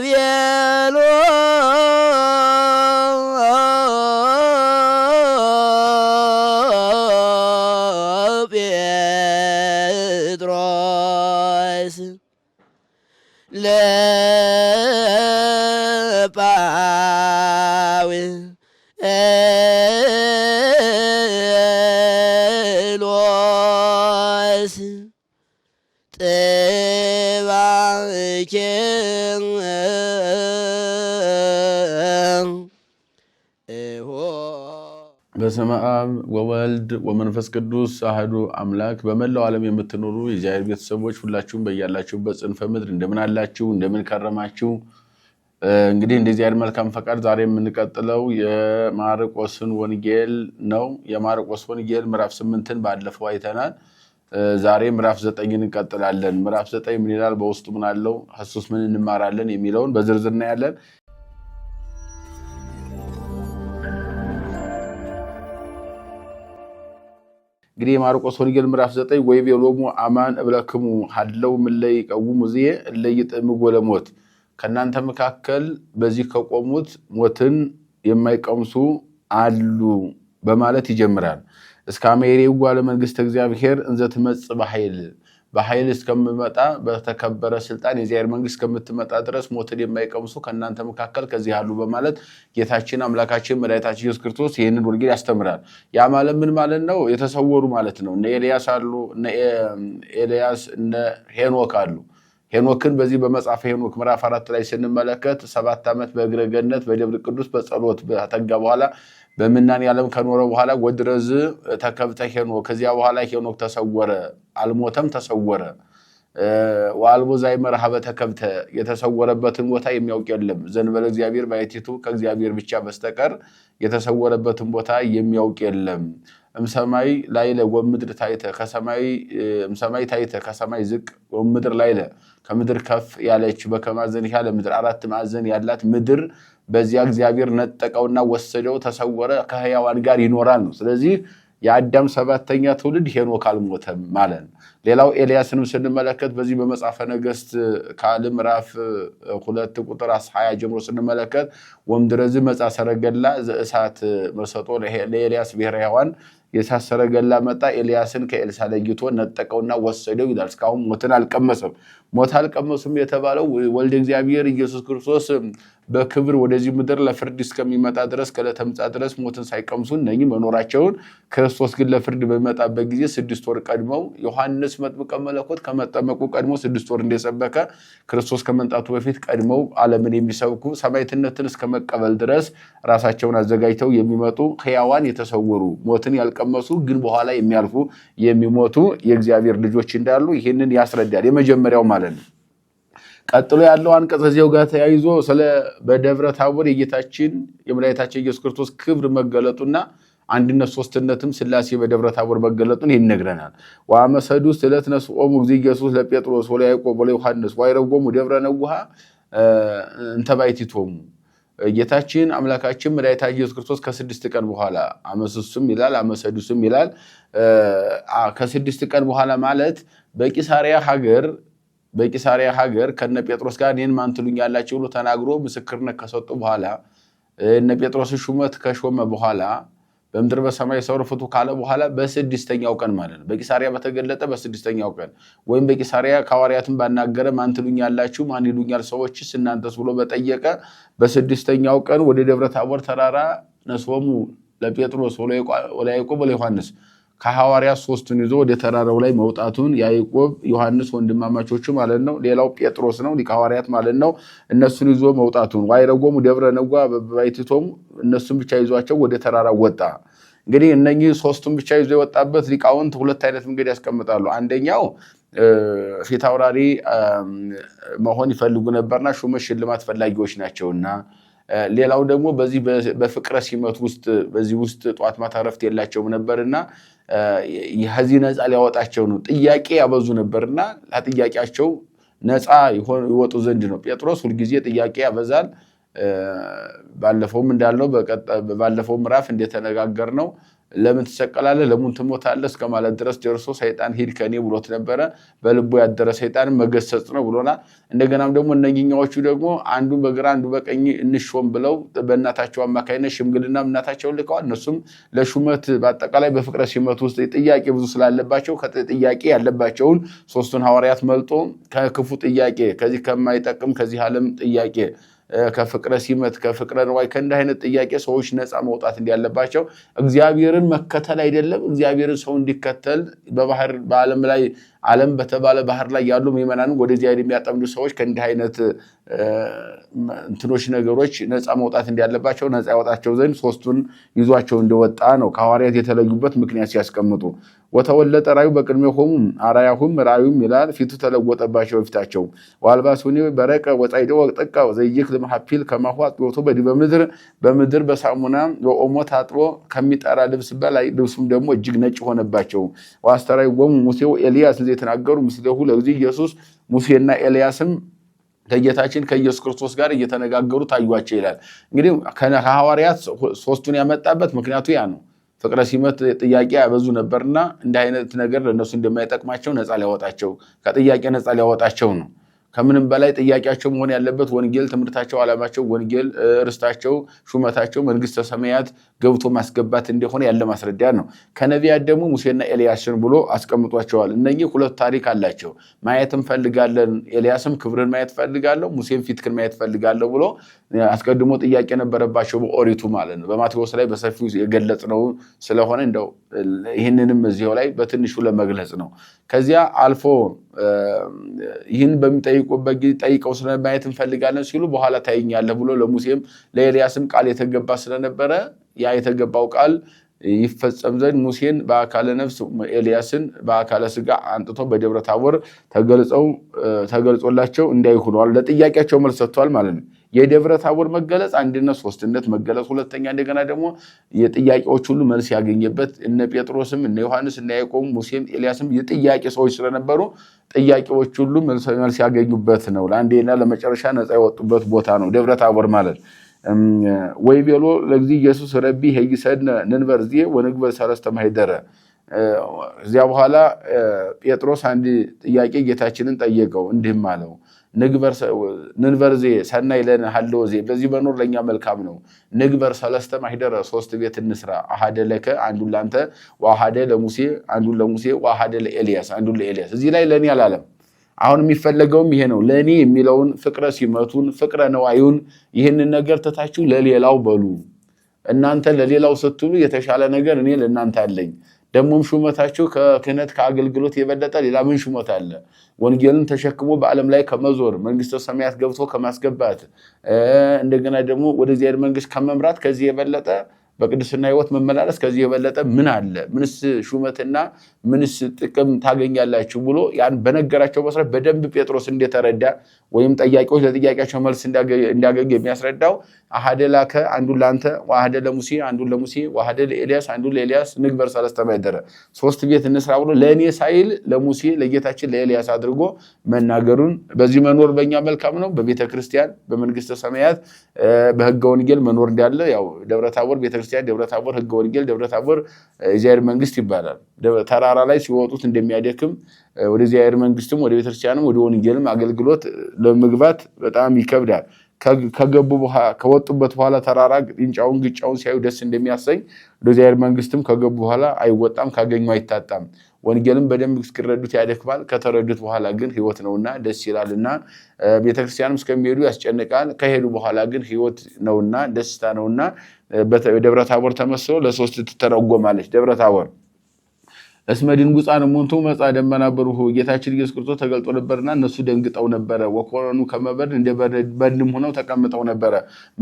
¡Bien! በአብ ወወልድ ወመንፈስ ቅዱስ አህዱ አምላክ። በመላው ዓለም የምትኖሩ የእግዚአብሔር ቤተሰቦች ሁላችሁም በያላችሁበት ጽንፈ ምድር እንደምን አላችሁ? እንደምን ከረማችሁ? እንግዲህ እንደ እግዚአብሔር መልካም ፈቃድ ዛሬ የምንቀጥለው የማርቆስን ወንጌል ነው። የማርቆስ ወንጌል ምዕራፍ ስምንትን ባለፈው አይተናል። ዛሬ ምዕራፍ ዘጠኝን እንቀጥላለን። ምዕራፍ ዘጠኝ ምን ይላል፣ በውስጡ ምን አለው፣ እሱስ ምን እንማራለን የሚለውን በዝርዝር እናያለን። እንግዲህ የማርቆስ ወንጌል ምዕራፍ ዘጠኝ ወይቤሎሙ አማን እብለክሙ ሀለው ምለይ ቀውሙ ዝዬ እለይጥምግ ወለሞት ከእናንተ መካከል በዚህ ከቆሙት ሞትን የማይቀምሱ አሉ በማለት ይጀምራል። እስከ አሜሬው አለመንግሥተ እግዚአብሔር እንዘትመጽ ትመጽእ በኃይል በኃይል እስከምመጣ በተከበረ ስልጣን የእግዚአብሔር መንግስት እስከምትመጣ ድረስ ሞትን የማይቀምሱ ከእናንተ መካከል ከዚህ አሉ በማለት ጌታችን አምላካችን መድኃኒታችን ኢየሱስ ክርስቶስ ይህንን ወንጌል ያስተምራል። ያ ማለት ምን ማለት ነው? የተሰወሩ ማለት ነው። እነ ኤልያስ አሉ፣ እነ ኤልያስ እነ ሄኖክ አሉ። ሄኖክን በዚህ በመጽሐፈ ሄኖክ ምዕራፍ አራት ላይ ስንመለከት ሰባት ዓመት በእግረ ገነት በደብረ ቅዱስ በጸሎት ተጋ በኋላ በምናኔ ዓለም ከኖረ በኋላ ወድረዝ ተከብተ ሄኖ ከዚያ በኋላ ሄኖክ ተሰወረ፣ አልሞተም ተሰወረ። ወአልቦ ዛይ መርሃበ ተከብተ የተሰወረበትን ቦታ የሚያውቅ የለም። ዘንበለ እግዚአብሔር ባይቲቱ ከእግዚአብሔር ብቻ በስተቀር የተሰወረበትን ቦታ የሚያውቅ የለም። እምሰማይ ላይለ ወምድር ታይተ እምሰማይ ታይተ ከሰማይ ዝቅ ወምድር ላይለ ከምድር ከፍ ያለች በከማዘን ያለ ምድር አራት ማዕዘን ያላት ምድር በዚያ እግዚአብሔር ነጠቀውና ወሰደው፣ ተሰወረ፣ ከህያዋን ጋር ይኖራል ነው። ስለዚህ የአዳም ሰባተኛ ትውልድ ሄኖክ አልሞተም ማለት ነው። ሌላው ኤልያስንም ስንመለከት በዚህ በመጽሐፈ ነገስት ካልዕ ምዕራፍ ሁለት ቁጥር ሀያ ጀምሮ ስንመለከት ወምድረዝ መጻ ሰረገላ ዘእሳት መሰጦ ለኤልያስ ብሔረ ሕያዋን የእሳት ሰረገላ መጣ፣ ኤልያስን ከኤልሳ ለይቶ ነጠቀውና ወሰደው ይላል። እስካሁን ሞትን አልቀመሰም። ሞት አልቀመሱም የተባለው ወልድ እግዚአብሔር ኢየሱስ ክርስቶስ በክብር ወደዚህ ምድር ለፍርድ እስከሚመጣ ድረስ ከለተምጻ ድረስ ሞትን ሳይቀምሱ እነኚህ መኖራቸውን ክርስቶስ ግን ለፍርድ በሚመጣበት ጊዜ ስድስት ወር ቀድመው ዮሐንስ መጥምቀ መለኮት ከመጠመቁ ቀድሞ ስድስት ወር እንደሰበከ ክርስቶስ ከመምጣቱ በፊት ቀድመው ዓለምን የሚሰብኩ ሰማዕትነትን እስከመቀበል ድረስ ራሳቸውን አዘጋጅተው የሚመጡ ሕያዋን የተሰወሩ ሞትን ያልቀመሱ ግን በኋላ የሚያልፉ የሚሞቱ የእግዚአብሔር ልጆች እንዳሉ ይህንን ያስረዳል። የመጀመሪያው ማለት ነው። ቀጥሎ ያለው አንቀጽ እዚያው ጋር ተያይዞ ስለ በደብረ ታቦር የጌታችን የመድኃኒታችን ኢየሱስ ክርስቶስ ክብር መገለጡና አንድነት ሶስትነትም ስላሴ በደብረ ታቦር መገለጡን ይነግረናል። ዋመሰዱ ሰዱስ ዕለት ነስቆሙ እግዚእ ኢየሱስ ለጴጥሮስ ወለያዕቆብ ወለዮሐንስ ወአይረጎሙ ደብረ ነውሃ እንተ ባሕቲቶሙ ጌታችን አምላካችን መድኃኒታችን ኢየሱስ ክርስቶስ ከስድስት ቀን በኋላ አመሰሱም ይላል አመሰዱስም ይላል። ከስድስት ቀን በኋላ ማለት በቂሳሪያ ሀገር በቂሳሪያ ሀገር ከነ ጴጥሮስ ጋር እኔን ማን ትሉኛላችሁ ብሎ ተናግሮ ምስክርነት ከሰጡ በኋላ እነ ጴጥሮስን ሹመት ከሾመ በኋላ በምድር በሰማይ ሰውር ፍቱ ካለ በኋላ በስድስተኛው ቀን ማለት ነው። በቂሳሪያ በተገለጠ በስድስተኛው ቀን ወይም በቂሳሪያ ሐዋርያትን ባናገረ ማን ትሉኛላችሁ ማን ይሉኛል ሰዎችስ እናንተስ ብሎ በጠየቀ በስድስተኛው ቀን ወደ ደብረ ታቦር ተራራ ነስወሙ ለጴጥሮስ ወለያዕቆብ ወለዮሐንስ ከሐዋርያ ሶስቱን ይዞ ወደ ተራራው ላይ መውጣቱን ያዕቆብ፣ ዮሐንስ ወንድማማቾቹ ማለት ነው። ሌላው ጴጥሮስ ነው፣ ሊቀ ሐዋርያት ማለት ነው። እነሱን ይዞ መውጣቱን ዋይረጎሙ ደብረ ነጓ በባይትቶም እነሱን ብቻ ይዟቸው ወደ ተራራው ወጣ። እንግዲህ እነኚህ ሶስቱን ብቻ ይዞ የወጣበት ሊቃውንት ሁለት አይነት መንገድ ያስቀምጣሉ። አንደኛው ፊት አውራሪ መሆን ይፈልጉ ነበርና ሹመት ሽልማት ፈላጊዎች ናቸውና ሌላው ደግሞ በዚህ በፍቅረ ሲመት ውስጥ በዚህ ውስጥ ጠዋት ማታ የላቸውም ነበርና ከዚህ ነፃ ሊያወጣቸው ነው። ጥያቄ ያበዙ ነበርና ለጥያቄያቸው ነፃ ይወጡ ዘንድ ነው። ጴጥሮስ ሁልጊዜ ጥያቄ ያበዛል። ባለፈውም እንዳልነው ባለፈው ምዕራፍ እንደተነጋገር ነው ለምን ትሰቀላለህ? ለምን ትሞታለህ? እስከ ማለት ድረስ ደርሶ ሰይጣን ሂድ ከኔ ብሎት ነበረ። በልቦ ያደረ ሰይጣን መገሰጽ ነው ብሎናል። እንደገናም ደግሞ እነኝኛዎቹ ደግሞ አንዱ በግራ አንዱ በቀኝ እንሾም ብለው በእናታቸው አማካኝነት ሽምግልና እናታቸውን ልከዋል። እነሱም ለሹመት በአጠቃላይ በፍቅረ ሲመት ውስጥ ጥያቄ ብዙ ስላለባቸው ጥያቄ ያለባቸውን ሶስቱን ሐዋርያት መልጦ ከክፉ ጥያቄ ከዚህ ከማይጠቅም ከዚህ ዓለም ጥያቄ ከፍቅረ ሲመት ከፍቅረ ንዋይ ከእንደ አይነት ጥያቄ ሰዎች ነፃ መውጣት እንዲያለባቸው እግዚአብሔርን መከተል አይደለም እግዚአብሔርን ሰው እንዲከተል በባህር በዓለም ላይ ዓለም በተባለ ባህር ላይ ያሉ ምዕመናንን ወደዚያ የሚያጠምዱ ሰዎች ከእንዲህ አይነት እንትኖች ነገሮች ነፃ መውጣት እንዳለባቸው ነፃ ያወጣቸው ዘንድ ሶስቱን ይዟቸው እንደወጣ ነው ከሐዋርያት የተለዩበት ምክንያት ሲያስቀምጡ። ወተወለጠ ራዩ በቅድሜ ሆሙ አራያሁም ራዩም ይላል ፊቱ ተለወጠባቸው በፊታቸው። ዋልባሱኒ በረቀ ወጻይደ ወጥቀ ዘይክ መሐፒል ከማሁ አጥቦቱ በዲበ ምድር በምድር በሳሙና በኦሞ ታጥቦ ከሚጠራ ልብስ በላይ ልብሱም ደግሞ እጅግ ነጭ ሆነባቸው። ዋስተራዩ ወሙ ሙሴው ኤልያስ የተናገሩ ምስለሁ ለጊዜ ኢየሱስ ሙሴና ኤልያስም ከጌታችን ከኢየሱስ ክርስቶስ ጋር እየተነጋገሩ ታዩቸው ይላል። እንግዲህ ከሐዋርያት ሶስቱን ያመጣበት ምክንያቱ ያ ነው። ፍቅረ ሲመት ጥያቄ ያበዙ ነበርና እንደ አይነት ነገር ለእነሱ እንደማይጠቅማቸው ነፃ ሊያወጣቸው ከጥያቄ ነፃ ሊያወጣቸው ነው። ከምንም በላይ ጥያቄያቸው መሆን ያለበት ወንጌል፣ ትምህርታቸው፣ ዓላማቸው ወንጌል፣ ርስታቸው፣ ሹመታቸው መንግስተ ሰማያት ገብቶ ማስገባት እንደሆነ ያለ ማስረዳያ ነው። ከነቢያት ደግሞ ሙሴና ኤልያስን ብሎ አስቀምጧቸዋል። እነኚህ ሁለት ታሪክ አላቸው። ማየት እንፈልጋለን፣ ኤልያስም ክብርን ማየት ፈልጋለሁ፣ ሙሴም ፊትክን ማየት ፈልጋለሁ ብሎ አስቀድሞ ጥያቄ ነበረባቸው፣ በኦሪቱ ማለት ነው። በማቴዎስ ላይ በሰፊው የገለጽ ነው ስለሆነ እንደው ይህንንም እዚው ላይ በትንሹ ለመግለጽ ነው። ከዚያ አልፎ ይህን በሚጠይቁበት ጊዜ ጠይቀው ስለማየት እንፈልጋለን ሲሉ በኋላ ታይኛለህ ብሎ ለሙሴም ለኤልያስም ቃል የተገባ ስለነበረ ያ የተገባው ቃል ይፈጸም ዘንድ ሙሴን በአካለ ነፍስ ኤልያስን በአካለ ስጋ አንጥቶ በደብረ ታቦር ተገልጾላቸው እንዳይ ለጥያቄያቸው መልስ ሰጥቷል ማለት ነው። የደብረ ታቦር መገለጽ አንድነት፣ ሶስትነት መገለጽ፣ ሁለተኛ እንደገና ደግሞ የጥያቄዎች ሁሉ መልስ ያገኘበት እነ ጴጥሮስም እነ ዮሐንስ እነ ያዕቆብ ሙሴም ኤልያስም የጥያቄ ሰዎች ስለነበሩ ጥያቄዎች ሁሉ መልስ ያገኙበት ነው። ለአንዴና ለመጨረሻ ነፃ የወጡበት ቦታ ነው ደብረ ታቦር ማለት ወይቤሎ ለጊዜ ኢየሱስ ረቢ ሄይሰድነ ንንበር ዜ ወንግበር ሰለስተ ማይደረ። እዚያ በኋላ ጴጥሮስ አንድ ጥያቄ ጌታችንን ጠየቀው፣ እንዲህም አለው ንንበር ዜ ሰናይ ለን ሀለወ ዜ፣ በዚህ መኖር ለእኛ መልካም ነው። ንግበር ሰለስተ ማህደረ፣ ሶስት ቤት እንስራ። አሃደ ለከ፣ አንዱን ለአንተ፣ ወአሃደ ለሙሴ፣ አንዱን ለሙሴ፣ ወአሃደ ለኤልያስ፣ አንዱን ለኤልያስ። እዚህ ላይ ለእኔ አላለም። አሁን የሚፈለገውም ይሄ ነው። ለእኔ የሚለውን ፍቅረ ሲመቱን ፍቅረ ነዋዩን ይህንን ነገር ትታችሁ ለሌላው በሉ። እናንተ ለሌላው ስትሉ የተሻለ ነገር እኔ ለእናንተ አለኝ። ደግሞም ሹመታችሁ ከክህነት ከአገልግሎት የበለጠ ሌላ ምን ሹመት አለ? ወንጌልን ተሸክሞ በዓለም ላይ ከመዞር መንግስተ ሰማያት ገብቶ ከማስገባት እንደገና ደግሞ ወደ እግዚአብሔር መንግስት ከመምራት ከዚህ የበለጠ በቅድስና ህይወት መመላለስ ከዚህ የበለጠ ምን አለ? ምንስ ሹመትና ምንስ ጥቅም ታገኛላችሁ ብሎ ያን በነገራቸው መሰረት በደንብ ጴጥሮስ እንደተረዳ ወይም ጠያቂዎች ለጥያቄያቸው መልስ እንዳገኙ የሚያስረዳው አሃደ ላከ አንዱን ለአንተ ዋሃደ ለሙሴ አንዱን ለሙሴ ዋሃደ ለኤልያስ አንዱን ለኤልያስ ንግበር ሰለስተ ሶስት ቤት እንስራ ብሎ ለእኔ ሳይል ለሙሴ ለጌታችን ለኤልያስ አድርጎ መናገሩን በዚህ መኖር በእኛ መልካም ነው። በቤተክርስቲያን በመንግስተ ሰማያት በህገ ወንጌል መኖር እንዳለ ያው ደብረ ቤተ ቤተክርስቲያን ደብረ ታቦር፣ ህገ ወንጌል ደብረ ታቦር እግዚአብሔር መንግስት ይባላል። ተራራ ላይ ሲወጡት እንደሚያደክም ወደ እግዚአብሔር መንግስትም ወደ ቤተክርስቲያንም ወደ ወንጌልም አገልግሎት ለመግባት በጣም ይከብዳል። ከገቡ ከወጡበት በኋላ ተራራ ግንጫውን ግጫውን ሲያዩ ደስ እንደሚያሰኝ ወደ እግዚአብሔር መንግስትም ከገቡ በኋላ አይወጣም፣ ካገኙ አይታጣም። ወንጌልም በደንብ እስኪረዱት ያደክማል። ከተረዱት በኋላ ግን ህይወት ነውና ደስ ይላልና ቤተክርስቲያንም እስከሚሄዱ ያስጨንቃል። ከሄዱ በኋላ ግን ህይወት ነውና ደስታ ነውና ደብረ ታቦር ተመስሎ ለሶስት ትተረጎማለች። ደብረ ታቦር እስመ ድንጉፃን ሞንቶ መፃ ደመና በሩሆ ጌታችን ኢየሱስ ክርስቶስ ተገልጦ ነበርና እነሱ ደንግጠው ነበረ። ወኮኑ ከመበድ እንደ በድም ሆነው ተቀምጠው ነበረ።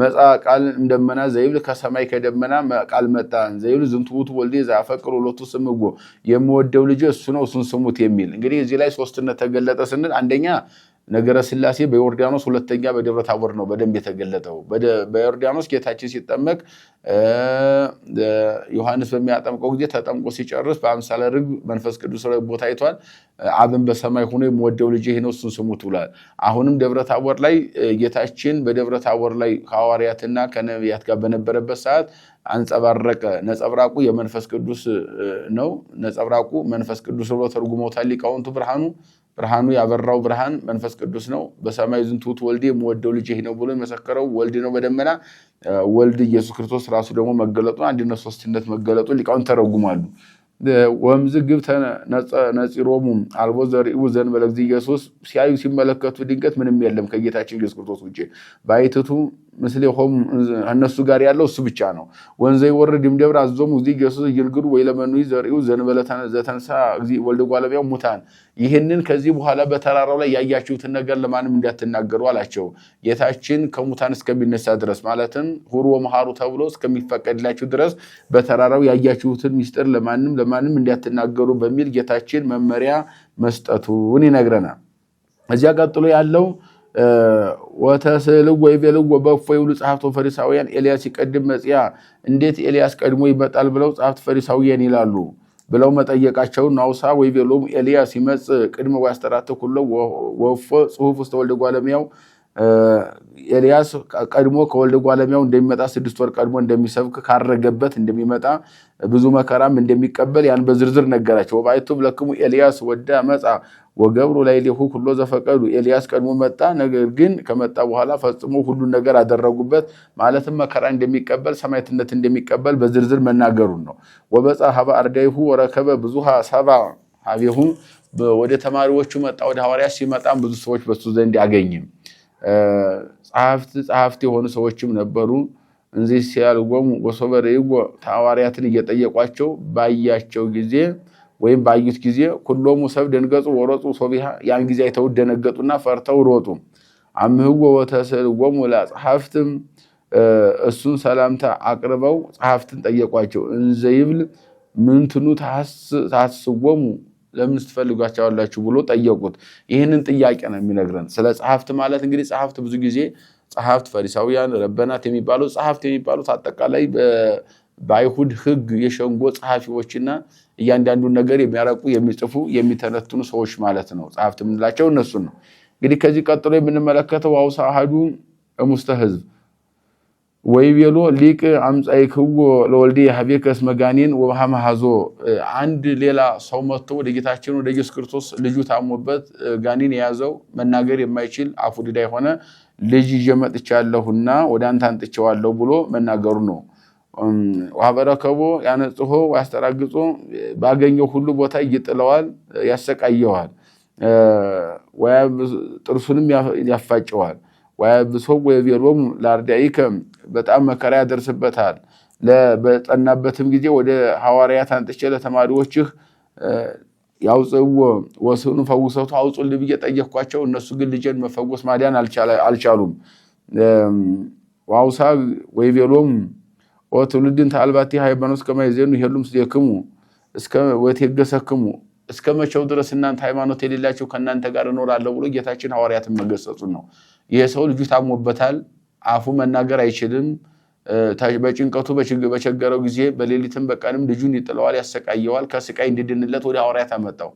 መጻ ቃል ደመና ዘይብል ከሰማይ ከደመና ቃል መጣ ዘይብል ዝንትውቱ ወልዴ ዘአፈቅሩ ሎቱ ስምጎ የምወደው ልጅ እሱ ነው እሱን ስሙት የሚል እንግዲህ እዚህ ላይ ሶስትነት ተገለጠ ስንል አንደኛ ነገረ ስላሴ በዮርዳኖስ ሁለተኛ በደብረ ታቦር ነው በደንብ የተገለጠው። በዮርዳኖስ ጌታችን ሲጠመቅ ዮሐንስ በሚያጠምቀው ጊዜ ተጠምቆ ሲጨርስ በአምሳለ ርግብ መንፈስ ቅዱስ ረግቦ ታይቷል። አብን በሰማይ ሆኖ የምወደው ልጅ ይሄ ነው እሱን ስሙት ብሏል። አሁንም ደብረ ታቦር ላይ ጌታችን በደብረ ታቦር ላይ ከሐዋርያትና ከነቢያት ጋር በነበረበት ሰዓት አንጸባረቀ። ነጸብራቁ የመንፈስ ቅዱስ ነው። ነጸብራቁ መንፈስ ቅዱስ ብሎ ተርጉሞታል ሊቃውንቱ ብርሃኑ ብርሃኑ ያበራው ብርሃን መንፈስ ቅዱስ ነው። በሰማይ ዝንቱት ወልድ የምወደው ልጅ ይሄ ነው ብሎ የመሰከረው ወልድ ነው በደመና ወልድ ኢየሱስ ክርስቶስ ራሱ ደግሞ መገለጡ አንድነት ሶስትነት መገለጡ ሊቃውን ተረጉማሉ። ወምዝ ግብ ነፂሮሙ አልቦ ዘርኢው ዘእንበለ ኢየሱስ ሲያዩ ሲመለከቱ ድንገት ምንም የለም ከጌታችን ኢየሱስ ክርስቶስ ውጭ ባይትቱ ምስል ሆም እነሱ ጋር ያለው እሱ ብቻ ነው። ወንዘ ይወርድ እምደብር አዞም እዚ ገሱ ይልግሩ ወይ ለመኑ ዘርኡ ዘንበለ ዘተንሳ እዚ ወልደ ጓለቢያው ሙታን። ይህንን ከዚህ በኋላ በተራራው ላይ ያያችሁትን ነገር ለማንም እንዳትናገሩ አላቸው። ጌታችን ከሙታን እስከሚነሳ ድረስ ማለትም ሁሩ ወመሃሩ ተብሎ እስከሚፈቀድላችሁ ድረስ በተራራው ያያችሁትን ሚስጥር ለማንም ለማንም እንዳትናገሩ በሚል ጌታችን መመሪያ መስጠቱን ይነግረናል። እዚያ ቀጥሎ ያለው ወተስልዎ ይቤልዎ በእፎይ ይብሉ ጸሐፍቶ ፈሪሳውያን ኤልያስ ይቀድም መጽያ፣ እንዴት ኤልያስ ቀድሞ ይመጣል ብለው ጸሐፍት ፈሪሳውያን ይላሉ ብለው መጠየቃቸውን ናውሳ ወይ ወይቤሎም ኤልያስ ይመጽ ቅድመ ወያስተራትኩ ለው ወእፎ ጽሑፍ ውስተ ወልደ እጓለ ኤልያስ ቀድሞ ከወልደ ጓለሚያው እንደሚመጣ ስድስት ወር ቀድሞ እንደሚሰብክ ካረገበት እንደሚመጣ ብዙ መከራም እንደሚቀበል ያን በዝርዝር ነገራቸው። ወባይቱ ለክሙ ኤልያስ ወደ መጻ ወገብሩ ላይ ሊሁ ሁሎ ዘፈቀዱ ኤልያስ ቀድሞ መጣ። ነገር ግን ከመጣ በኋላ ፈጽሞ ሁሉን ነገር አደረጉበት። ማለትም መከራ እንደሚቀበል ሰማዕትነት እንደሚቀበል በዝርዝር መናገሩን ነው። ወበጻ ሀበ አርዳይሁ ወረከበ ብዙሃ ሰባ ሀቤሁ ወደ ተማሪዎቹ መጣ። ወደ ሐዋርያ ሲመጣም ብዙ ሰዎች በሱ ዘንድ አገኝም ጸሐፍት ጸሐፍት የሆኑ ሰዎችም ነበሩ። እንዚህ ሲያልጎም ወሶበረ ይጎ ሐዋርያትን እየጠየቋቸው ባያቸው ጊዜ ወይም ባዩት ጊዜ ሁሎሙ ሰብ ደንገጹ ወሮጡ ሶቢሃ ያን ጊዜ አይተው ደነገጡና ፈርተው ሮጡ። አምህጎ ወተስእልጎሙ ለጸሐፍትም እሱን ሰላምታ አቅርበው ጸሐፍትን ጠየቋቸው። እንዘይብል ምንትኑ ታስጎሙ ለምን ትፈልጓቸዋላችሁ ብሎ ጠየቁት። ይህንን ጥያቄ ነው የሚነግረን ስለ ጸሐፍት ማለት እንግዲህ ጸሐፍት ብዙ ጊዜ ጸሐፍት ፈሪሳውያን፣ ረበናት የሚባሉ ጸሐፍት የሚባሉት አጠቃላይ በአይሁድ ሕግ የሸንጎ ጸሐፊዎችና እያንዳንዱን ነገር የሚያረቁ የሚጽፉ፣ የሚተነትኑ ሰዎች ማለት ነው። ጸሐፍት የምንላቸው እነሱን ነው። እንግዲህ ከዚህ ቀጥሎ የምንመለከተው አውሳ አሃዱ እሙስተ ሕዝብ ወይቤሎ ሊቅ አምጻይ ክዎ ለወልዴ ሀቤከ እስመ ጋኔን ወበሃመ ሀዞ። አንድ ሌላ ሰው መጥቶ ወደ ጌታችን ወደ ኢየሱስ ክርስቶስ ልጁ ታሞበት ጋኔን የያዘው መናገር የማይችል አፉ ድዳ የሆነ ልጅ ይዤ መጥቻለሁና ወደ አንተ አንጥቼዋለሁ ብሎ መናገሩ ነው። ዋበረከቦ ያነጽሆ ያስተራግጾ፣ ባገኘው ሁሉ ቦታ ይጥለዋል፣ ያሰቃየዋል፣ ጥርሱንም ያፋጨዋል። ወያብሶው የቤሮም ለአርዳኢከ በጣም መከራ ያደርስበታል። በጠናበትም ጊዜ ወደ ሐዋርያት አንጥቼ ለተማሪዎችህ ያውፅዎ ወስኑ ፈውሰቱ አውፁ ብዬ ጠየኳቸው። እነሱ ግን ልጄን መፈወስ ማዳን አልቻሉም። ዋውሳብ ወይቤሎም ኦ ትውልድን ተአልባቲ ሃይማኖት እስከማይዜኑ ይሄሉም ስዜክሙ ወቴገሰክሙ እስከ መቼው ድረስ እናንተ ሃይማኖት የሌላቸው ከእናንተ ጋር እኖራለሁ ብሎ ጌታችን ሐዋርያትን መገሰጹን ነው። የሰው ልጁ ታሞበታል፣ አፉ መናገር አይችልም። በጭንቀቱ በቸገረው ጊዜ በሌሊትም በቀንም ልጁን ይጥለዋል፣ ያሰቃየዋል። ከስቃይ እንዲድንለት ወደ ሐዋርያት አመጣው።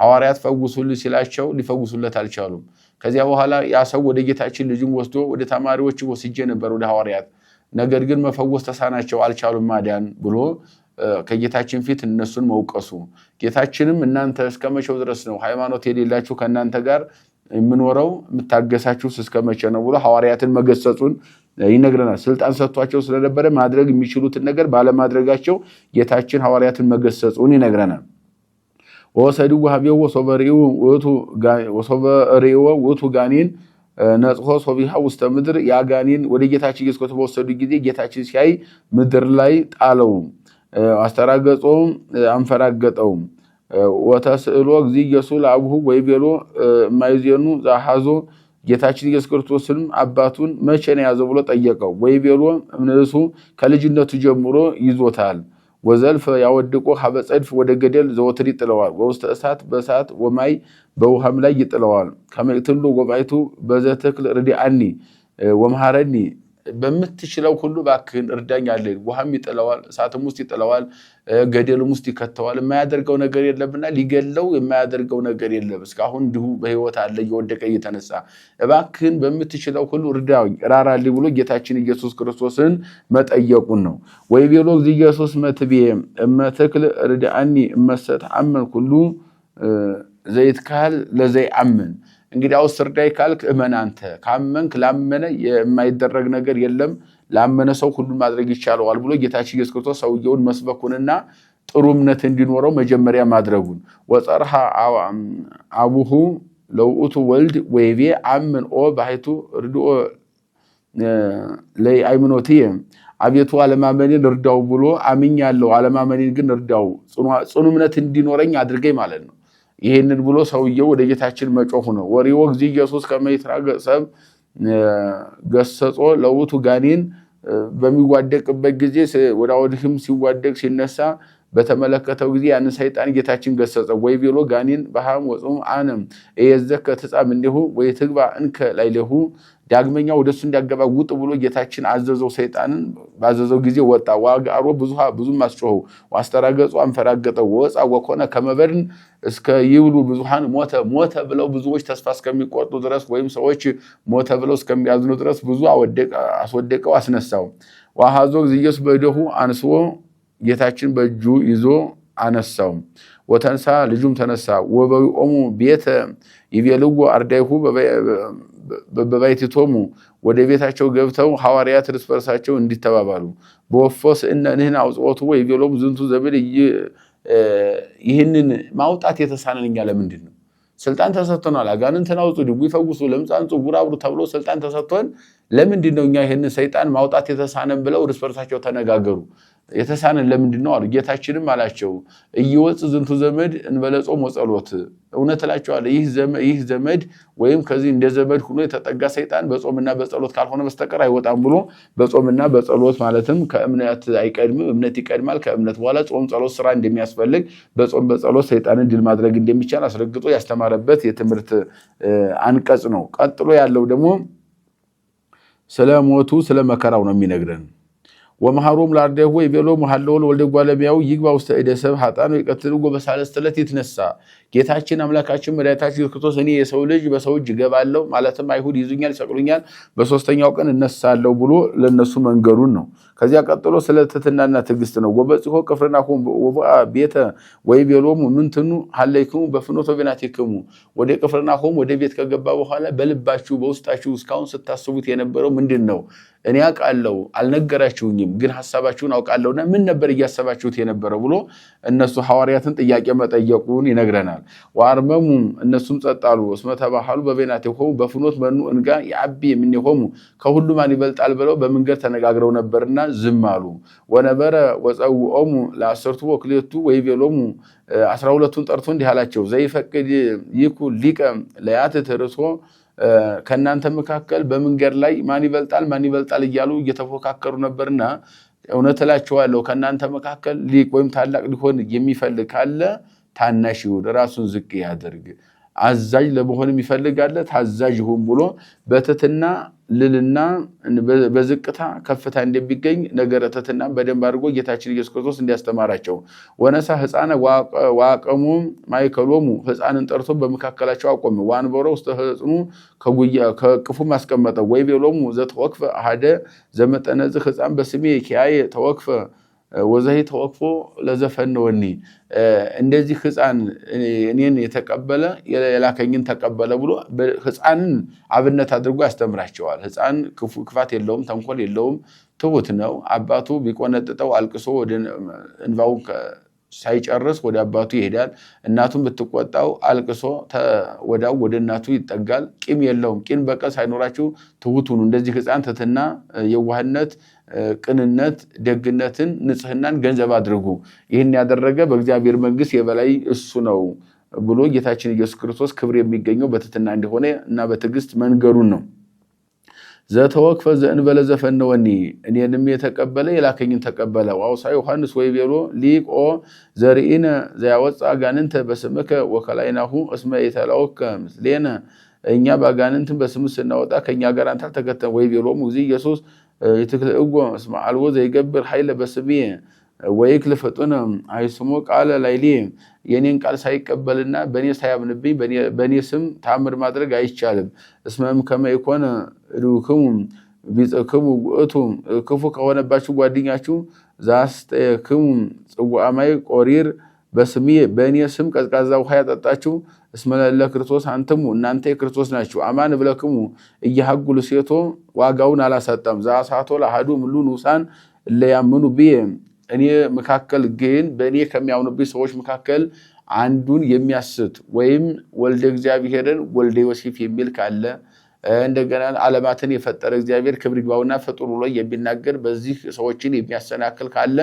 ሐዋርያት ፈጉሱል ሲላቸው ሊፈውሱለት አልቻሉም። ከዚያ በኋላ ያ ሰው ወደ ጌታችን ልጁን ወስዶ ወደ ተማሪዎች ወስጄ ነበር ወደ ሐዋርያት፣ ነገር ግን መፈወስ ተሳናቸው አልቻሉም ማዳን ብሎ ከጌታችን ፊት እነሱን መውቀሱ ጌታችንም እናንተ እስከ ድረስ ነው ሃይማኖት የሌላችሁ ከእናንተ ጋር የምኖረው የምታገሳችሁ እስከ መቼ ነው ብሎ ሐዋርያትን መገሰጹን ይነግረናል። ስልጣን ሰጥቷቸው ስለነበረ ማድረግ የሚችሉትን ነገር ባለማድረጋቸው ጌታችን ሐዋርያትን መገሰጹን ይነግረናል። ወሰዱ ሀቤው ወሶበሬዎ ውቱ ጋኔን ነጽሆ ሶቢሃ ውስተ ምድር ያ ጋኔን ወደ ጌታችን ኢየሱስ ክርስቶስ በወሰዱ ጊዜ ጌታችን ሲያይ ምድር ላይ ጣለው፣ አስተራገጾም አንፈራገጠውም ወተስእሎ እግዚ ኢየሱስ አቡሁ ወይቤሎ እማይዜኑ ዛሐዞ ጌታችን ኢየሱስ ክርስቶስንም አባቱን መቼ ነው ያዘው ብሎ ጠየቀው። ወይቤሎ እምንእሱ ከልጅነቱ ጀምሮ ይዞታል። ወዘልፍ ያወድቆ ሀበ ጸድፍ ወደ ገደል ዘወትር ይጥለዋል። ወውስተ እሳት በእሳት ወማይ በውሃም ላይ ይጥለዋል። ከመቅትሉ ወባይቱ በዘተክል ርዲአኒ ወምሃረኒ በምትችለው ሁሉ እባክህን እርዳኝ አለ። ውሃም ይጥለዋል፣ እሳትም ውስጥ ይጥለዋል፣ ገደልም ውስጥ ይከተዋል። የማያደርገው ነገር የለምና ሊገለው የማያደርገው ነገር የለም። እስካሁን እንዲሁ በህይወት አለ እየወደቀ እየተነሳ። እባክህን በምትችለው ሁሉ እርዳኝ ራራልኝ ብሎ ጌታችን ኢየሱስ ክርስቶስን መጠየቁን ነው። ወይ ወይቤሎ ኢየሱስ መትቤ እመትክል ርድአኒ እመሰት አመን ሁሉ ዘይትካል ለዘይ አምን እንግዲህ አውስ ካልክ እመን አንተ ካመንክ ላመነ የማይደረግ ነገር የለም ላመነ ሰው ሁሉን ማድረግ ይቻለዋል ብሎ ጌታችን ኢየሱስ ክርስቶስ ሰውየውን መስበኩንና ጥሩ እምነት እንዲኖረው መጀመሪያ ማድረጉን ወፀርሃ አቡሁ ለውእቱ ወልድ ወይቤ አምን ኦ ባህቱ ርድኦ ለአይምኖትየ አቤቱ አለማመኔን እርዳው ብሎ አምኛለሁ፣ አለማመኔን ግን እርዳው ጽኑ እምነት እንዲኖረኝ አድርገኝ ማለት ነው። ይህንን ብሎ ሰውየው ወደ ጌታችን መጮፉ ነው። ወሪዎ እግዚእ ኢየሱስ ከመ ይትራገጽ ሰብእ ገሰጾ ለውቱ ጋኔን በሚዋደቅበት ጊዜ ወደ አውድህም ሲዋደቅ ሲነሳ በተመለከተው ጊዜ ያን ሰይጣን ጌታችን ገሰጸ። ወይ ቢሎ ጋኔን በሃም ወፁም አነም እየዘከ ትጻም እንዲሁ ወይ ትግባ እንከ ላይሌሁ ዳግመኛ ወደ ወደሱ እንዲያገባ ውጥ ብሎ ጌታችን አዘዘው። ሰይጣንን ባዘዘው ጊዜ ወጣ። ዋጋሮ ብዙም አስጮኸው። ዋስተራገጹ አንፈራገጠው። ወፃ ወኮነ ከመበድን እስከ ይብሉ ብዙሃን ሞተ ሞተ ብለው ብዙዎች ተስፋ እስከሚቆርጡ ድረስ ወይም ሰዎች ሞተ ብለው እስከሚያዝኑ ድረስ ብዙ አስወደቀው፣ አስነሳው። ዋሃዞ ዝየሱ በደሁ አንስቦ ጌታችን በእጁ ይዞ አነሳው። ወተንሳ ልጁም ተነሳ። ወበዊኦሙ ቤተ ይቤልዎ አርዳይሁ ቶሙ ወደ ቤታቸው ገብተው ሐዋርያት እርስ በርሳቸው እንዲተባባሉ በወፎስ ስእነ ንህን አውጽወቱ ወይ ገሎም ዝንቱ ዘብል ይህንን ማውጣት የተሳነን እኛ ለምንድን ነው? ስልጣን ተሰጥቶናል። አጋንንትን አውጡ፣ ድውይ ፈውሱ፣ ለምጻን ጽጉር አብሩ ተብሎ ስልጣን ተሰጥቶን ለምንድን ነው እኛ ይህንን ሰይጣን ማውጣት የተሳነን ብለው እርስ በርሳቸው ተነጋገሩ። የተሳነን ለምንድን ነው አሉ። ጌታችንም አላቸው እየወፅ ዝንቱ ዘመድ እንበለጾ መጸሎት እውነት እላቸዋለሁ ይህ ዘመድ ወይም ከዚህ እንደ ዘመድ ሁኖ የተጠጋ ሰይጣን በጾምና በጸሎት ካልሆነ በስተቀር አይወጣም ብሎ በጾምና በጸሎት ማለትም ከእምነት አይቀድምም፣ እምነት ይቀድማል። ከእምነት በኋላ ጾም፣ ጸሎት፣ ስራ እንደሚያስፈልግ በጾም በጸሎት ሰይጣንን ድል ማድረግ እንደሚቻል አስረግጦ ያስተማረበት የትምህርት አንቀጽ ነው። ቀጥሎ ያለው ደግሞ ስለ ሞቱ ስለ መከራው ነው የሚነግረን ወመሃሮም ላርዳሁ ይቤሎም ሀለወል ወልደ ጓለሚያው ይግባ ውስተ እደ ሰብ ሀጣን ይቀትሉ በሳለስት ይትነሳ። ጌታችን አምላካችን መድኃኒታችን ኢየሱስ ክርስቶስ እኔ የሰው ልጅ በሰው እጅ እገባለሁ ማለትም አይሁድ ይዙኛል፣ ይሰቅሉኛል፣ በሶስተኛው ቀን እነሳለሁ ብሎ ለነሱ መንገዱን ነው። ከዚያ ቀጥሎ ስለ ትሕትናና ትዕግስት ነው። ወበጽሖ ቅፍርናሆም ወበአ ቤተ ወይቤሎሙ ምንትኑ ሀለይክሙ በፍኖተ ቤናቲክሙ። ወደ ቅፍርናሆም ወደ ቤት ከገባ በኋላ በልባችሁ በውስጣችሁ እስካሁን ስታስቡት የነበረው ምንድን ነው እኔ አውቃለሁ አልነገራችሁኝም፣ ግን ሀሳባችሁን አውቃለሁና ምን ነበር እያሰባችሁት የነበረው ብሎ እነሱ ሐዋርያትን ጥያቄ መጠየቁን ይነግረናል። ዋርመሙ እነሱም ጸጣሉ አሉ። እስመ ተባሃሉ በቤናቲሆሙ በፍኖት መኑ እንጋ የአቢ የምኔሆሙ ከሁሉ ማን ይበልጣል ብለው በመንገድ ተነጋግረው ነበርና ዝም አሉ። ወነበረ ወፀውኦሙ ለአሰርቱ ወክሌቱ ወይቤሎሙ አስራ ሁለቱን ጠርቶ እንዲህ አላቸው ዘይፈቅድ ይኩ ሊቀ ለያትት ርእሶ ከእናንተ መካከል በመንገድ ላይ ማን ይበልጣል ማን ይበልጣል እያሉ እየተፎካከሩ ነበርና እውነት እላችኋለሁ ከእናንተ መካከል ሊቅ ወይም ታላቅ ሊሆን የሚፈልግ ካለ ታናሽ ይሁን፣ ራሱን ዝቅ ያደርግ አዛዥ ለመሆንም ይፈልጋለ ታዛዥ ሁን ብሎ በትትና ልልና በዝቅታ ከፍታ እንደሚገኝ ነገረ ትትና በደንብ አድርጎ ጌታችን ኢየሱስ ክርስቶስ እንዲያስተማራቸው ወነሳ ህፃነ ዋቀሙ ማይከሎሙ ህፃንን ጠርቶ በመካከላቸው አቆመ። ዋንበሮ ውስጥ ህፅኑ ከቅፉ አስቀመጠ። ቤሎሙ ዘተወክፈ ሀደ ዘመጠነዝህ ህፃን በስሜ ኪያየ ተወክፈ ወዘሂ ተወቅፎ ለዘፈን ወኒ እንደዚህ ህፃን እኔን የተቀበለ የላከኝን ተቀበለ ብሎ ህፃንን አብነት አድርጎ ያስተምራቸዋል። ህፃን ክፋት የለውም፣ ተንኮል የለውም፣ ትሁት ነው። አባቱ ቢቆነጥጠው አልቅሶ ወደ እንባው ሳይጨርስ ወደ አባቱ ይሄዳል። እናቱን ብትቆጣው አልቅሶ ወዳው ወደ እናቱ ይጠጋል። ቂም የለውም። ቂም በቀል ሳይኖራችሁ ትሁት ሁኑ። እንደዚህ ሕፃን ትህትና የዋህነት፣ ቅንነት፣ ደግነትን፣ ንጽህናን ገንዘብ አድርጉ። ይህን ያደረገ በእግዚአብሔር መንግስት የበላይ እሱ ነው ብሎ ጌታችን ኢየሱስ ክርስቶስ ክብር የሚገኘው በትትና እንደሆነ እና በትዕግስት መንገዱን ነው። ዘተወክፈ ዘእንበለ ዘፈንወኒ እኔንም የተቀበለ የላከኝን ተቀበለ። ዋውሳ ዮሐንስ ወይ ቤሎ ሊቆ ዘርኢነ ዘያወፃ ጋንንተ በስምከ ወከላይናሁ እስመ የተላወከ ምስሌነ እኛ ባጋንንትን በስም ስናወጣ ከኛ ጋር አንተ አልተከተም። ወይ ቤሎሙ እግዚእ ኢየሱስ ይትክልእዎ እስመ አልቦ ዘይገብር ኃይለ በስምየ ወይክልፍ ዕጡነ አይስሞ ቃለ ላዕሌየ የኔን ቃል ሳይቀበልና በኔ ሳያምንብኝ በኔ ስም ተአምር ማድረግ አይቻልም። እስመም ከመ ኢኮነ ቢጽክሙ ውእቱ ክፉ ከሆነባችሁ ጓደኛችሁ ዛስጠየክሙ ጽዋማይ ቆሪር በስሜ በእኔ ስም ቀዝቃዛ ውሃ ያጠጣችሁ እስመ ለክርስቶስ አንትሙ እናንተ የክርስቶስ ናችሁ። አማን ብለክሙ እየሀጉ ሴቶ ዋጋውን አላሳጣም። ዛሳቶ ለአሐዱ እምሉ ንዑሳን እለ ብዬ እኔ መካከል ግን በእኔ ከሚያምኑብኝ ሰዎች መካከል አንዱን የሚያስት ወይም ወልደ እግዚአብሔርን ወልደ ዮሴፍ የሚል ካለ እንደገና ዓለማትን የፈጠረ እግዚአብሔር ክብር ይግባውና ፍጡር ላይ የሚናገር በዚህ ሰዎችን የሚያሰናክል ካለ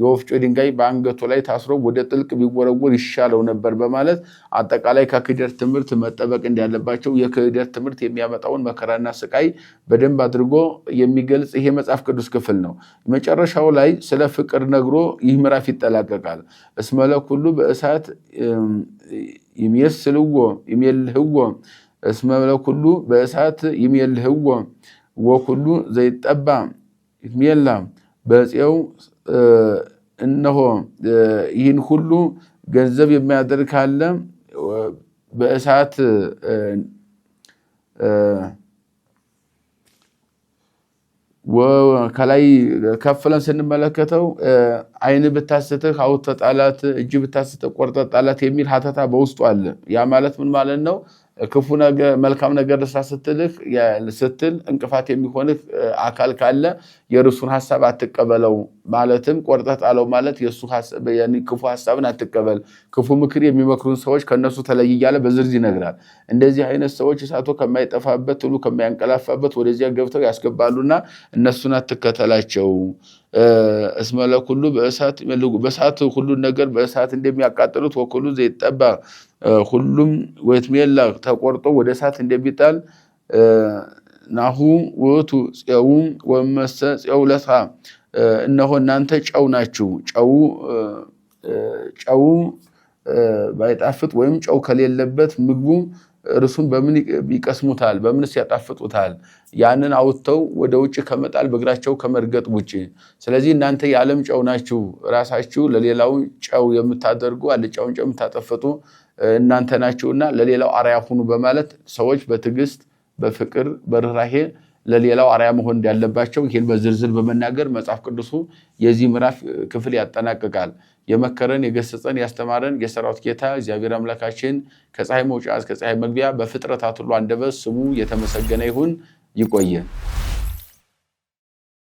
የወፍጮ ድንጋይ በአንገቱ ላይ ታስሮ ወደ ጥልቅ ቢወረወር ይሻለው ነበር በማለት አጠቃላይ ከክህደት ትምህርት መጠበቅ እንዳለባቸው የክህደት ትምህርት የሚያመጣውን መከራና ስቃይ በደንብ አድርጎ የሚገልጽ ይሄ መጽሐፍ ቅዱስ ክፍል ነው። መጨረሻው ላይ ስለ ፍቅር ነግሮ ይህ ምዕራፍ ይጠላቀቃል። እስመለ በእሳት የሚየስልዎ የሚልህዎ እስመ ለኩሉ በእሳት ይሜልህዎ ወኩሉ ዘይጠባ ይሜላ በፄው እነሆ ይህን ሁሉ ገንዘብ የሚያደርግ ካለ በእሳት ከላይ ከፍለን ስንመለከተው አይን ብታስትህ አውጥተህ ጣላት፣ እጅ ብታስትህ ቆርጠህ ጣላት የሚል ሀተታ በውስጡ አለ። ያ ማለት ምን ማለት ነው? ክፉ ነገር መልካም ነገር ልስራ ስትልህ ስትል እንቅፋት የሚሆንህ አካል ካለ የእርሱን ሀሳብ አትቀበለው። ማለትም ቆርጠህ ጣለው ማለት ክፉ ሀሳብን አትቀበል፣ ክፉ ምክር የሚመክሩን ሰዎች ከነሱ ተለይ እያለ በዝርዝር ይነግራል። እንደዚህ አይነት ሰዎች እሳቶ ከማይጠፋበት ትሉ ከማያንቀላፋበት ወደዚያ ገብተው ያስገባሉና እነሱን አትከተላቸው። እስመለ ኩሉ በእሳት በእሳት ሁሉን ነገር በእሳት እንደሚያቃጥሉት ወኩሉ ዘይጠባ ሁሉም ወትሜላ ተቆርጦ ወደ እሳት እንደሚጣል ናሁ ውእቱ ፄው ወመሰ ፄው ለሳ እነሆ እናንተ ጨው ናችሁ። ጨው ባይጣፍጥ ወይም ጨው ከሌለበት ምግቡ እርሱን በምን ይቀስሙታል? በምንስ ያጣፍጡታል? ያንን አውጥተው ወደ ውጭ ከመጣል በእግራቸው ከመርገጥ ውጭ። ስለዚህ እናንተ የዓለም ጨው ናችሁ። ራሳችሁ ለሌላው ጨው የምታደርጉ አልጫውን ጨው የምታጠፍጡ እናንተ ናችሁና ለሌላው አርያ ሁኑ በማለት ሰዎች በትዕግስት በፍቅር በርኅራሄ ለሌላው አርያ መሆን እንዳለባቸው ይህን በዝርዝር በመናገር መጽሐፍ ቅዱሱ የዚህ ምዕራፍ ክፍል ያጠናቅቃል። የመከረን የገሰጸን ያስተማረን የሰራዊት ጌታ እግዚአብሔር አምላካችን ከፀሐይ መውጫ እስከ ፀሐይ መግቢያ በፍጥረታት ሁሉ አንደበት ስሙ የተመሰገነ ይሁን። ይቆየ